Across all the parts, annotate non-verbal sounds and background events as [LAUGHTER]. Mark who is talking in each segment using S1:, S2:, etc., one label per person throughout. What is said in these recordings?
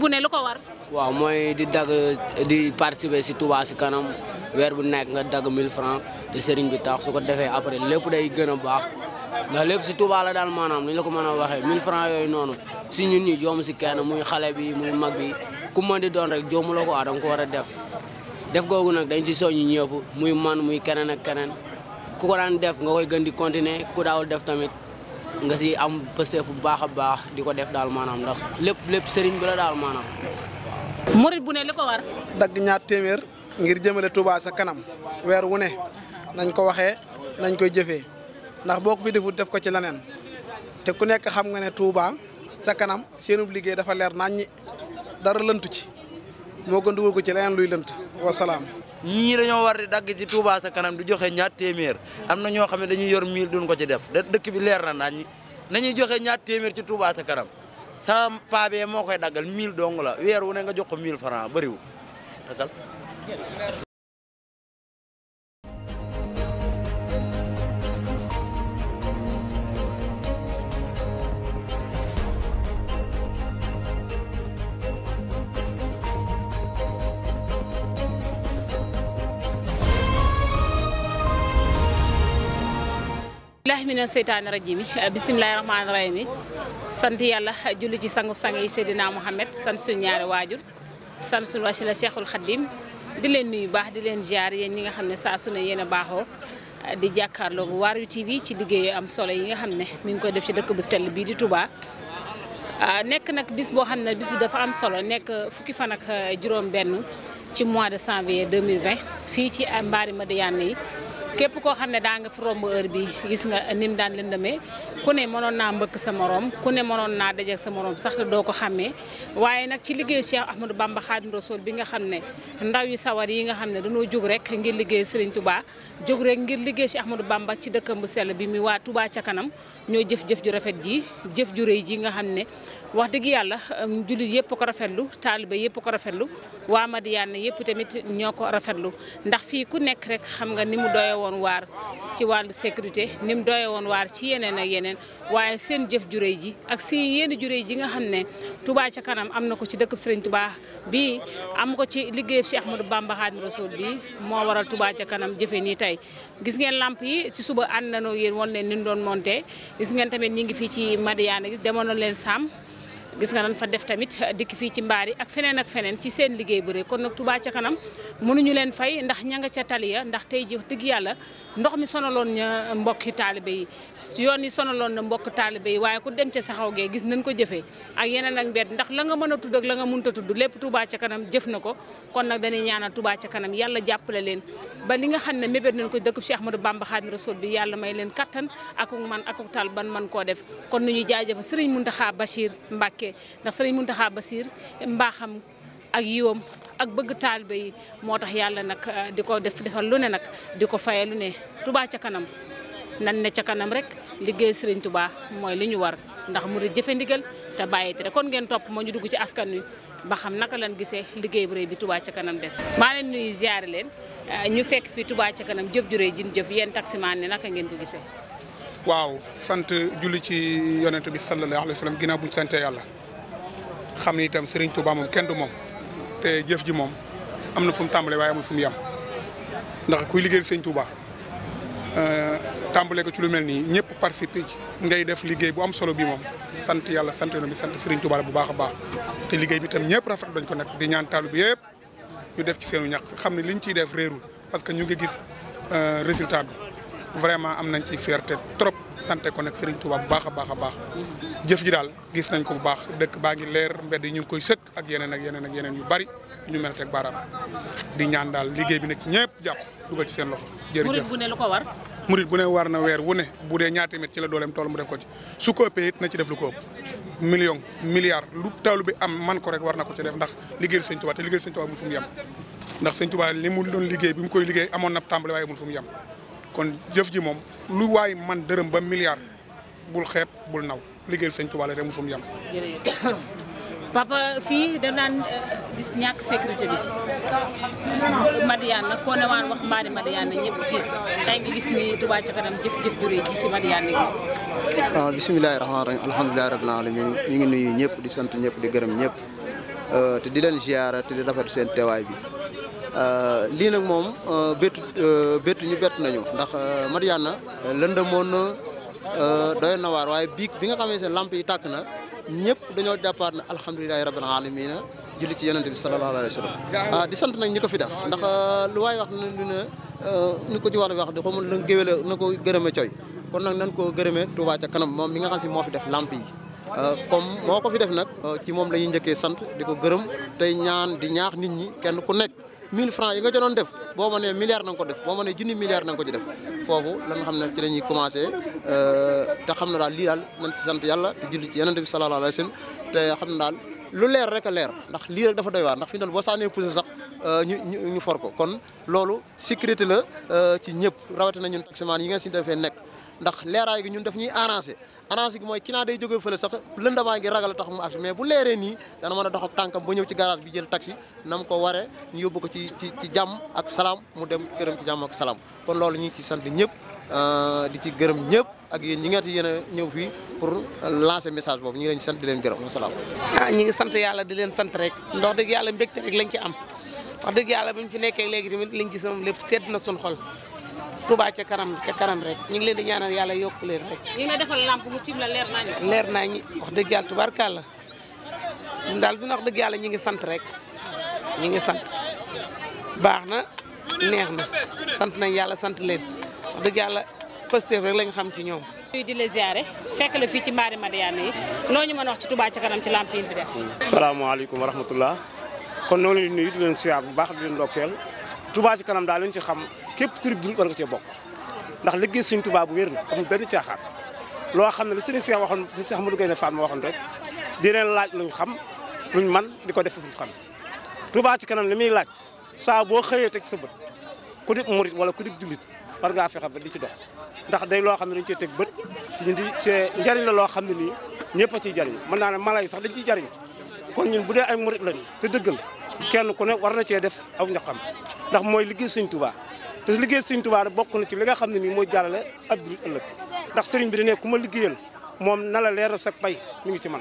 S1: bu ne lu ko war.
S2: waaw mooy di dagg di participer si Touba si kanam weer bu nekk nga dagg 1000 francs di sëriñ bi tax su ko defee après lépp day gën a baax ndax lépp si Touba la daal maanaam ni la ko mën a waxee 1000 francs yooyu noonu si ñun ñi joom si kenn muy xale bi muy mag bi ku mën di doon rek joomu la ko ah danga ko war a def def googu nag dañ si soññi ñëpp muy man muy keneen ak keneen ku ko daan def nga koy gën di continuer ku ko daawul def tamit. nga si am pëste bu baax a baax di ko def daal maanaam ndax lépp lépp sëriñ bi la daal maanaam.
S1: murit bu ne li ko war.
S2: dagg ñaar téeméer ngir jëmale Touba sa kanam weer wu ne nañ ko waxee nañ koy jëfe ndax boo ko fi defut def ko ci leneen te ku nekk xam nga ne Touba sa kanam seenub liggéey dafa leer naññi dara lëntu ci moo gën dugal ko ci leneen luy lënt wasalaam.
S3: ñii dañoo war di dagg ci Touba sa kanam di joxe ñaar téeméer am na ñoo xam ne dañuy yor mille duñ ko ci def dëkk bi leer na nañ nañuy joxe ñaar téeméer ci Touba sa kanam sa paabee moo koy daggal mille dong la weer wu ne nga jox ko mille franc bëriwu
S1: billahi mina seytaani rajim yi bisimilahi rahmaani rahim sant yàlla julli ci sangu sang yi Seydina Mouhamed sant suñu ñaari waajur sant suñu wasila Cheikhul Khadim di leen nuyu baax di leen jaar yéen ñi nga xam ne saa su yéen a baaxoo di jàkkaarloog Waarwi TV ci liggéey am solo yi nga xam ne mi ngi koy def ci dëkk bu sell bii di Touba. Ah, nekk nag bis boo xam ne bis bi dafa am solo nekk fukki fan ak juróom benn ci mois de janvier 2020 fii ci mbaari Madiyana yi képp koo xam ne daa nga fi romb heure bi gis nga ni mu daan lëndëmee ku ne mënoon naa mbëkk sa morom ku ne mënoon naa dajeeg sa morom sax te doo ko xàmmee waaye nag ci liggéey Cheikh Ahmadou Bamba Khadim Rasoul bi nga xam ne ndaw yu sawar yi nga xam ne dañoo jóg rek ngir liggéey Serigne Touba jóg rek ngir liggéey Cheikh Ahmadou Bamba ci dëkkam bu sell bi muy waa Touba ca kanam ñoo jëf-jëf ju rafet ji jëf ju rëy ji nga xam ne wax dëgg yàlla um, jullit yëpp ko rafetlu taaliba yëpp ko rafetlu waa Madiyana tamit ñoo ko rafetlu woon waar ci wàllu sécurité ni mu woon waar ci yeneen a yeneen waaye seen jëf jure ji ak si yenn juréy ji nga xam ne Touba ca kanam am na ko ci dëkk Serigne Touba bi am ko ci liggéeyub Cheikh Ahmadou Bamba Khadim Rasoul bi moo waral Touba ca kanam jëfe nii tey gis ngeen làmp yi ci suba ànd nañoo yéen woon leen ni doon monté gis ngeen tamit ñi ngi fii ci Madiana demoon leen Sam gis nga nan fa fii ci mbaar yi ak seen liggéey bu rëy kon nag Touba ca kanam mënuñu leen fay ndax ña nga ca tali ya ndax tey ji dëgg yàlla ndox mi sonaloon na mbokki taalibe yi yoon yi sonaloon na mbokk taalibe yi waaye ku dem ca saxaw gee gis nañ ko jëfee ak yeneen ak mbedd ndax la nga mën a tudd ak la nga mënta tudd lépp tubaa ca kanam jëf na ko kon nag dañuy ñaanal tubaa ca kanam yàlla jàppale leen ba li nga xam ne mébét nañ ko dëkk Cheikh Ahmadou Bamba Khadim Rasoul bi yàlla may leen kattan ak man akuk tal ban man koo def kon nu ñuy jaajëfa Serigne Mountakha Bachir Mbacké Mbàkke ndax sëriñ Muntaxa Basiir mbaaxam ak yiwam ak bëgg taalibe yi moo tax yàlla nag euh, di ko def defal lu ne nag di ko faye lu ne tubaa ca kanam nan ne ca kanam rek liggéey sëriñ Touba mooy lu ñu war ndax mu di jëfe ndigal te bàyyi te rek kon ngeen topp moo ñu dugg ci askan wi ba xam naka lan gisee liggéey bu rëy bi tubaa ca kanam def maa leen nuyu ziare leen euh, ñu fekk fi tubaa ca kanam jëf ju rëy jin jëf yéen taximaan ne naka ngeen ko gise
S4: waaw sant julli ci yonent bi sallallahu alayhi wa sallam ginnaaw buñ sante yàlla xam ni itam Serigne Touba moom kenn du moom te jëf ji moom am na fu mu tàmbalee waaye amul fu yem ndax kuy liggéeyal Serigne Touba euh, tàmbale ko ci lu mel nii ñëpp participer ci ngay def liggéey bu am solo bi moom sant yàlla sant yoon bi sant Serigne Touba la bu baax a baax te liggéey bi itam ñëpp rafet dañ ko nekk di ñaan taalu bi yëpp ñu def ci seenu ñàkk xam ne liñ ciy def réerul parce que ñu ngi gis euh, résultat bi. vraiment am nañ ci fierté trop santé ko nag Serigne Touba bu baax a baax a baax jëf ji daal gis nañ ko bu baax dëkk baa ngi leer mbedd yi ñu ngi koy sëkk ak yeneen ak yeneen ak yeneen yu bari ñu mel teg baaraam di ñaan daal liggéey bi nag ñëpp jàpp dugal ci seen loxo. jërëjëf murit bu ne lu ko war. murit bu ne war na weer wu ne bu dee ñaata mét ci la dooleem tool mu def ko ci su ko na ci def lu ko ëpp million milliard lu taalu bi am man ko rek war na ko ci def ndax liggéeyal Serigne Touba te liggéeyal Serigne Touba amul fu ndax Serigne Touba li mu doon liggéey bi mu koy liggéey amoon na tàmbali waaye amul fu yem kon jëf ji moom lu waay man dërëm ba milliard bul xeeb bul naw liggéeyal sëñ Tuubaa la te musum yam
S1: [COUGHS] papa fii da naan euh, gis ñàkk sécurité bi Madiyana koo ne waan wax mbaari Madiyana ñëpp tiit tey nga gis ni Touba ca kanam jëf-jëf ju ji ci Madiyana gi.
S3: waaw ah, bisimilahi rahmaani rahim alhamdulilahi rabbil alamin ñu ngi nuyu ñëpp di sant ñëpp di gërëm ñëpp Euh, te di leen ziara te di rafetlu seen teewaay bi euh, lii nag moom euh, bettu bettu ñu bett nañu ndax Madiyana lëndëmoon na doy na waar waaye biig bi nga xamee seen làmp yi tàkk na ñëpp dañoo jàppaat ne alhamdulilahi rabbil alamina julli ci yenent bi sallallahu alayhi wa sallam ah, di sant nag ñu ko fi def ndax lu waaye wax na ne ñu ko ci war wax di xamul na géwél na ko gërëme coy kon nag nañ ko gërëme Touba ca kanam moom mi nga xam si moo fi def lamp yi Euh, comme moo ko fi def nag euh, ci moom la ñuy njëkkee sant di ko gërëm tey ñaan di ñaax nit ñi kenn ku nekk 1000 francs yi nga jonoon def boo ma nee milliard na ko def boo ma nee junni milliard na nga ko ci def foofu lan xam ne ci la ñuy commencé euh, te xam na daal lii daal nañ ci sant yàlla te julli ci yonent bi sallallahu alayhi wa te xam na daal lu leer rek a leer ndax li rek dafa doy waar ndax fi doon boo saanee poussé sax ñu ñu for ko kon loolu sécurité la ci ñëpp rawatina ñun taximaan yi nga si defee nekk ndax leeraay gi ñun daf ñuy arrangé gi mooy ki naa day jógee fële sax lëndamaa ngi ragal tax mu agsi mais bu leeree nii dana mën a dox ak tànkam ba ñëw ci garage bi jël taxi na mu ko waree ñu yóbbu ko ci ci ci jàmm ak salaam mu dem këram ci jàmm ak salaam kon loolu ñu ngi ci sant ñëpp euh, di ci gërëm ñëpp ak yéen ñi nga yene ñëw fii pour lancer message boobu ñu ngi leen sant di leen gërëm wasalaam.
S2: ah ñu sant yàlla di leen sant rek ndox dëgg yàlla mbégte rek lañ ci am wax dëgg yàlla bi ñu fi nekkee léegi tamit liñ gis moom lépp sedd na suñu xol Touba ca kanam ca kanam rek ñu ngi leen di ñaanal yàlla yokk leen rek.
S1: ñu ngi defal lamp mu tiim la leer naa ñu.
S2: wax dëgg yàlla tubaarkàlla ñun daal fi ñu wax dëgg yàlla ñu ngi sant rek ñu ngi sant baax na neex na sant nañ yàlla sant leen wax dëgg yàlla Pastef rek lañu xam ci ñoom.
S1: ñuy di la fekk la fii ci maari Madiyaana yi loo ñu mën a wax ci Touba ca kanam ci lamp yi ñu fi def.
S2: salaamaaleykum wa rahmatullah kon noonu la ñuy leen siyaar bu baax di leen ndokkeel kanam daal lañ képp ku dul war nga cee bokk ndax liggéey Sëriñ Tuubaa bu wér na amul benn caaxaan loo xam ne la Sëriñ Seex waxoon Sëriñ Seex Amadu Gaynde Fatma waxoon rek di leen laaj luñ xam luñ man di ko def fuñ xam Tuubaa ci kanam li muy laaj saa boo xëyee teg sa bët ku di wala ku di jullit war ngaa fexe ba di ci dox ndax day loo xam ne dañ cee teg bët ci di cee njariñ la loo xam ne nii ñëpp a ciy jariñ mën naa ne mala yi sax dañ ciy jariñ kon ñun bu dee ay murit lañ te dëggal kenn ku ne war na cee def aw ñaqam ndax mooy liggéey Sëriñ Tuubaa te liggéey sëriñ Tuubaa bokk na ci li nga xam ne nii mooy jàllale ab jullit ëllëg ndax sëriñ bi da ne ku ma liggéeyal moom na la leer sa pay mi ngi ci man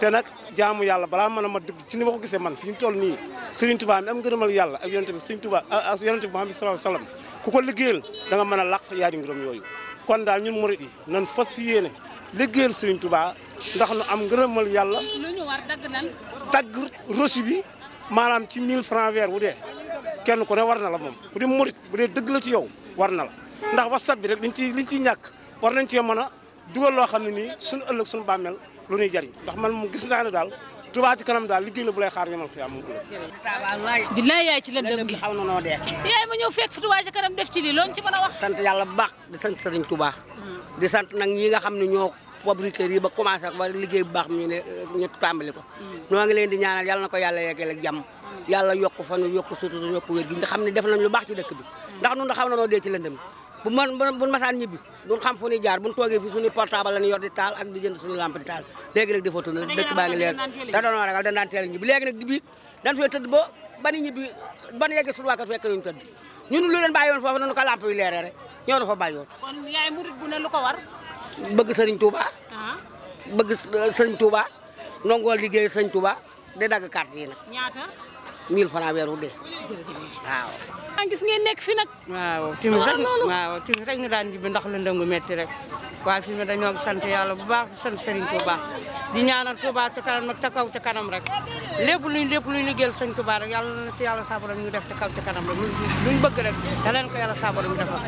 S2: te nag jaamu yàlla balaa mën a ma dugg ci ni ma ko gisee man fi ñu toll nii sëriñ Tuubaa mi am ngërëmal yàlla ak yonente bi sëriñ Tuubaa ak yonente bi Muhammad sallallahu ku ko liggéeyal da mën a làq yaari ngërëm yooyu kon daal ñun murid yi nan fas yéene liggéeyal sëriñ Tuubaa ndax nu am ngërëmal yàlla dagg rosi bi maanaam ci 1000 francs weer dee kenn ko ne war na la moom bu dee murit bu dee dëgg la ci yow war na la ndax WhatsApp bi rek liñ ci liñ ciy ñàkk war nañ cee mën a dugal loo xam ne nii suñu ëllëg suñu bàmmeel lu ñuy jariñ ndax man mu gis naa ne daal Touba ci kanam daal liggéey la bu lay xaar
S5: ñamal xiyaam moom
S1: ëllëg bilaay yaay ci
S5: lëndëm gi xaw na noo dee
S1: yaay ma ñëw fekk fi Touba ci kanam def ci lii loolu ci
S5: sant yàlla bu baax di sant sëriñ Touba
S1: hmm.
S5: di sant nag ñii nga xam ne ñoo fabriqueur yi ba commencé ak ba liggéey bu baax ñu ne tàmbali ko ñoo hmm. ngi leen di ñaanal yàlla na ko yàlla yeggale ak jàmm yàlla yokk fanu yokk sutura yokk wér gi nga xam ne def nañ lu baax ci dëkk bi ndax nun da xam na noo dee lëndëm bu masaan ñibbi duñ xam fu ñuy jaar buñ fi suñu portable la ñu yor di taal ak di jënd suñu di taal léegi nag defatu na dëkk da doon ragal dañ daan teel a ñibbi léegi nag bi dañ fee tëdd ba bani ñibbi ban yeggee suñu waa kër fekk tëdd ñun lu leen bàyyi foofu nañu ko lampe yi leeree rek ñoo dafa bàyyi woon bëgg sëriñ 1000 francs weeru de waaw. waaw
S1: ah, gis ngeen nekk fi nag.
S5: waaw ah, timis rek waaw rek ñu daan ji bi ndax lu ndëngu metti rek waaye fi mu dañoo sant yàlla bu baax di sant Serigne Touba di ñaanal Touba ca kanam nag ca kaw rek lépp luñ lépp luñ liggéeyal sëñ Touba rek yàlla na ci yàlla saabaram ñu def ca kaw ca rek luñ bëgg rek da leen ko yàlla saabaram ñu defal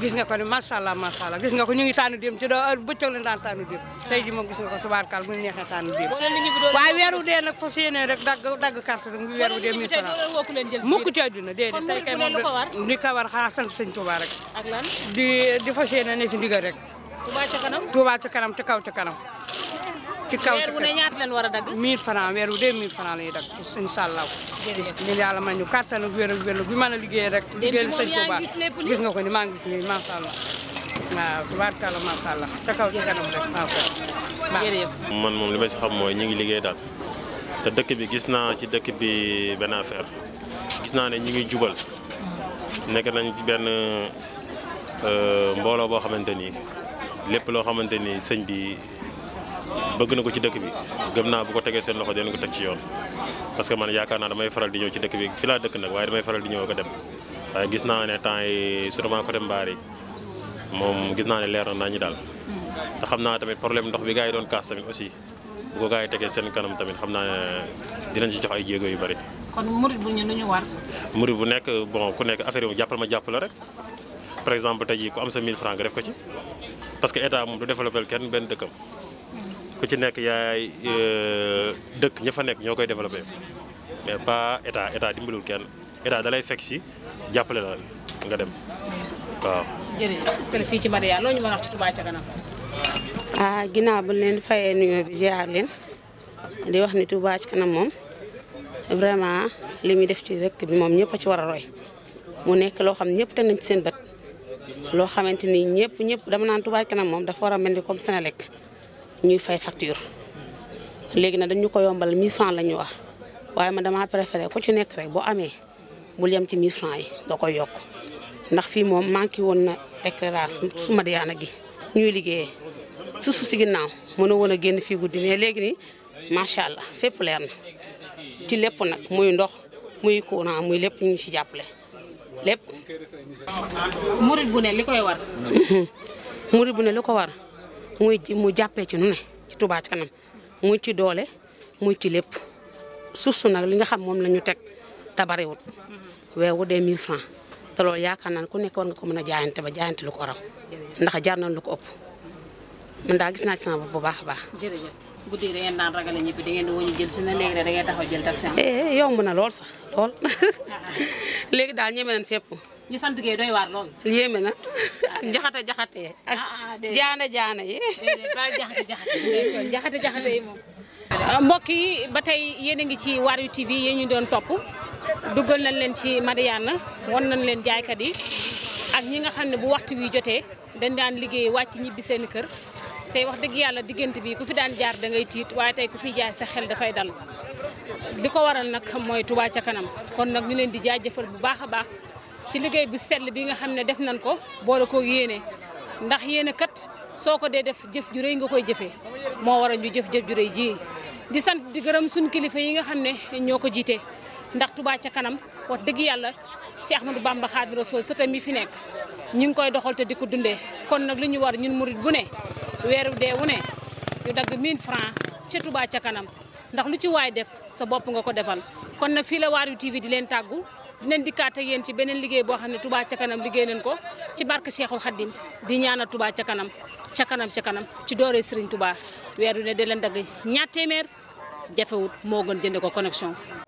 S5: gis nga ko ni macha allah macha allah gis nga ko ñu ngi tànn dem ci do bëccëg lañ daan tànn dem ah. tey ji moom gis nga ko tubaarkaal bu ñu neexee tànn dem waaye weeru dee nag dagg dagg carte rek dee mille francs kay moom li ko war xanaa sant sëñ rek di di fas yéene ne ci ndigal rek Touba ca kanam Touba ca kanam ca kaw ca kanam. ci kaw ci kaw weer wu ne ñaata weer wu dee 1000F la ñuy dagg incha allah. jërëjëf ñun yàlla man ñu kàttan ak wér ak bi mën a liggéey rek. liggéeyal sëñ Touba gis nga ko ni maa ngi gis nii macha allah. waaw tubaarkalla macha allah ca kaw ca kanam rek macha allah.
S6: moom li ma si xam mooy ñu ngi liggéey daal te dëkk bi gis naa ci dëkk bi benn affaire gis naa ne ñu ngi jubal nekk nañ ci benn euh, mbooloo boo xamante ni. lépp loo xamante ni sëñ bi bëgg na ko ci dëkk bi gëm naa bu ko tegee seen loxo dinañ ko teg ci yoon parce que man yaakaar naa damay faral di ñëw ci dëkk bi fi laa dëkk nag waaye damay faral di ñëw ko a dem waaye gis naa ne temps yi sûrement côté mbaar yi moom gis naa ne leer na naa ñu daal te xam naa tamit problème ndox bi gars yi doon kaas tamit aussi bu ko gars yi tegee seen kanam tamit xam naa ne ci jox ay jéego yu bari
S1: kon murid bu ñu lu ñu war.
S6: nekk bon ku nekk affaire yi jàppal ma jàpp la rek par exemple te jii ko am sa 1000 francs nga def ko ci parce que état moom du développé kenn benn dëkkam ku ci nekk yaay euh, dëkk ña fa nekk ñoo koy développé mais pas état état dimbalul kenn état da lay fekk ci jàppale la nga dem waaw.
S1: jërëjëf fii ci Maria loo ñu mën a wax
S5: ah, fayee nuyoo bi ziar leen di wax ni Touba ca na moom vraiment li muy def ci rek bi moom ñëpp ci war a roy mu nekk loo xam ñëpp teg nañ ci seen bët. loo xamante ni ñëpp ñëpp dama naan Touba Ca Kanam moom dafa war a mel ni comme Senelec ñuy fay facture léegi nag dañu ko yombal 1000 francs la ñu wax waaye ma damaa préféré ku ci nekk rek boo amee bul yem ci 1000 francs yi nga koy yokk ndax fii moom manqué woon na éclairage su Madiyana gi ñuy liggéeyee su su si ginnaaw mën a woon a génn fii guddi mais léegi ni macha allah fépp leer na ci lépp nag muy ndox muy courant muy lépp ñu ngi fi jàppale.
S1: murit bu ne li koy war.
S5: [LAUGHS] murit bu ne li ko war muy mu jàppee ci nu ci tubaat Ca Kanam muy ci doole muy ci lépp suuf nag li nga xam moom la ñu teg te bariwut wu deux mille francs te loolu yaakaar naa ku nekk war nga ko mën a jaayante ba jaayante lu ko raw ndax jaar nañ ko ëpp man daa gis naa ci bu baax a baax.
S1: jërëjëf guddi gi da ngeen daan ragale ñëpp da ngeen di wóññi jël su ne léegi da ngeen
S5: jël tax seen. Eh, eh, yomb na lool sax lool [LAUGHS] [LAUGHS] léegi daal ñeme nañ fépp. ñu sant gee doy waar lool. yéeme na ak [LAUGHS] jaxate jaxate ak jaana jaana yi.
S1: déedéet jaxate jaxate yi moom. Ah, mbokk yi ba tey yéen a ngi ci Waarwi TV yéen ñu doon topp duggal nañ leen ci Madiyana won nañ leen jaaykat yi ak ñi nga xam ne bu waxtu wi jotee dañ daan liggéey wàcc ñibbi seen kër tey wax dëgg yàlla diggante bi ku fi daan jaar da ngay tiit waaye tey ku fi jaay sa xel dafay dal li ko waral nag mooy Touba ca kanam kon nag ñu leen di jëfal bu baax a baax. ci liggéey bu sell bi nga xam ne def nañ ko boole koo yéene ndax yéene kat soo ko dee def jëf ju nga koy jëfee moo war a ñu jëf jëf ju ji di sant di gërëm suñ kilifa yi nga xam ne ñoo ko jiite ndax Touba ca kanam wax dëgg yàlla Cheikh Ahmadou Bamba Khadimou Rassoul sëtam yi fi nekk ñu ngi koy doxal te di ko dundee kon nag li ñu war ñun murit bu ne weeru dee wu ne ñu dagg 1000 francs ca Touba ca kanam ndax lu ci waay def sa bopp nga ko defal kon nag fii la Waarwi TV di leen tàggu dinañ dikkaat ak yéen ci beneen liggéey boo xam ne Touba ca liggéey nañ ko ci barke Cheikhul Khadim di ñaana Touba ca kanam ca kanam ca kanam ci dooree Serigne Touba weeru ne da leen dagg ñaar téeméer jafewut moo gën jënde ko connexion